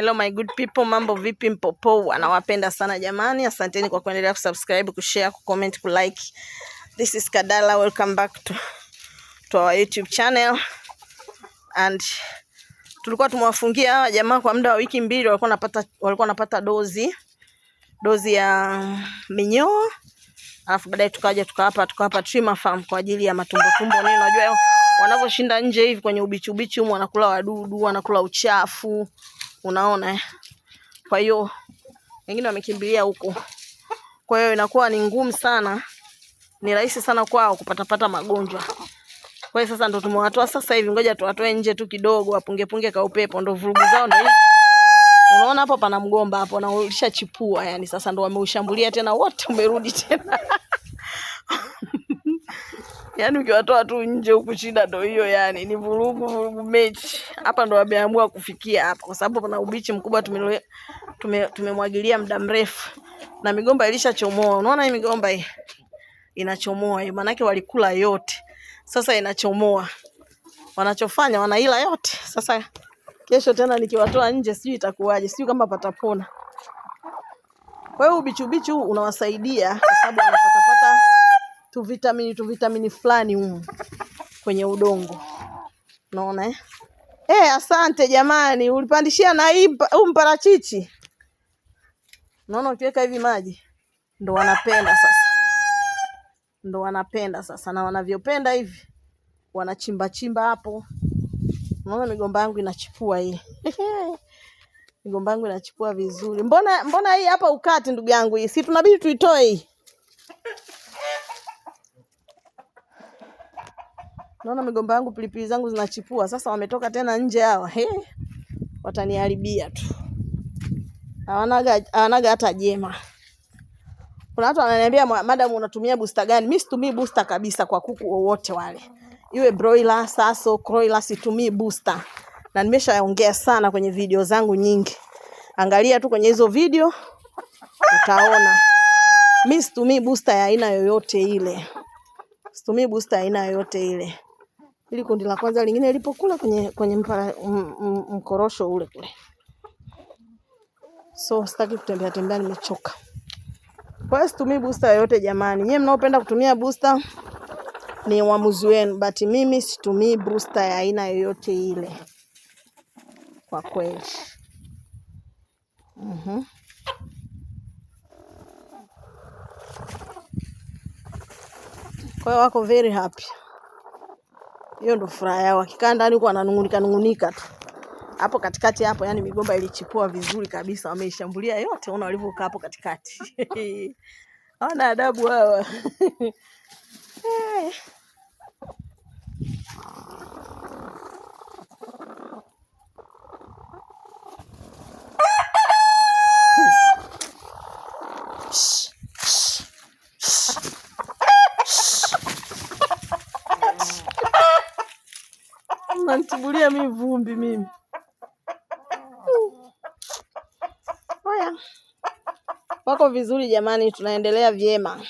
Hello my good people, mambo vipi? Mpopo anawapenda sana jamani, asanteni kwa kuendelea kusubscribe, kushare, kucomment, kulike. This is Kadala, welcome back to, to our YouTube channel and tulikuwa tumewafungia hawa jamaa kwa muda wa wiki mbili, walikuwa wanapata walikuwa wanapata dozi dozi ya minyoo, alafu baadaye tukaja tukawapa tukawapa Trima Farm kwa ajili ya matumbo tumbo. Nini, unajua wanavyoshinda nje hivi kwenye ubichi ubichi, huko wanakula wadudu, wanakula uchafu unaona. Kwa hiyo wengine wamekimbilia huko, kwa hiyo inakuwa ni ngumu sana, ni rahisi sana kwao kupatapata magonjwa. Kwa hiyo sasa ndo tumewatoa sasa hivi, ngoja tuwatoe nje tu kidogo, wapungepunge ka upepo, ndo vurugu zao ndo Unaona hapo pana mgomba hapo na ulishachipua, yani sasa ndo wameushambulia tena, wote umerudi tena yani ukiwatoa tu nje huku shida ndo hiyo, yani ni vurugu vurugu mechi. Hapa ndo wameamua kufikia hapa, kwa sababu pana ubichi mkubwa tumemwagilia tume tumemwagilia muda mrefu, na migomba ilishachomoa. Unaona hii migomba hii inachomoa hiyo, maanake walikula yote, sasa inachomoa. Wanachofanya wanaila yote. Sasa kesho tena nikiwatoa nje, sijui itakuwaje, sijui kama patapona. Kwa hiyo ubichi ubichi huu unawasaidia kwa sababu tuvitamini tuvitamini fulani humu kwenye udongo, unaona eh? Eh, asante jamani, ulipandishia na hii huu mparachichi. Unaona, ukiweka hivi maji ndo wanapenda sasa, ndo wanapenda sasa, na wanavyopenda hivi wanachimba chimba hapo. Unaona migomba yangu inachipua hii migomba yangu inachipua vizuri. Mbona mbona hii hapa ukati, ndugu yangu, hii si tunabidi tuitoe hii Naona migomba yangu pilipili zangu zinachipua. Sasa wametoka tena nje hawa. He. Wataniharibia tu. Hawanaga hawanaga hata jema. Kuna watu wananiambia madam, unatumia booster gani? Mimi situmii booster kabisa kwa kuku wowote wale. Iwe broiler, saso, croiler situmii booster. Na nimeshaongea sana kwenye video zangu nyingi. Angalia tu kwenye hizo video utaona. Mimi situmii booster ya aina yoyote ile. Situmii booster ya aina yoyote ile ili kundi la kwanza lingine lipokula kwenye, kwenye mpara, m, m, mkorosho ule kule. So sitaki kutembea tembea, nimechoka. Kwa hiyo situmii busta yoyote jamani. nyie mnaopenda kutumia busta ni uamuzi wenu, but mimi situmii busta ya aina yoyote ile kwa kweli. mm -hmm. Kwa hiyo wako very happy. Hiyo ndo furaha yao. Wakikaa ndani huko wananungunika nungunika tu. Hapo katikati hapo, yani migomba ilichipua vizuri kabisa, wameishambulia yote, ona walivyokaa hapo katikati. Hawana adabu hawa. Eh. Unanitibulia mi vumbi mimi. Haya, wako vizuri jamani, tunaendelea vyema.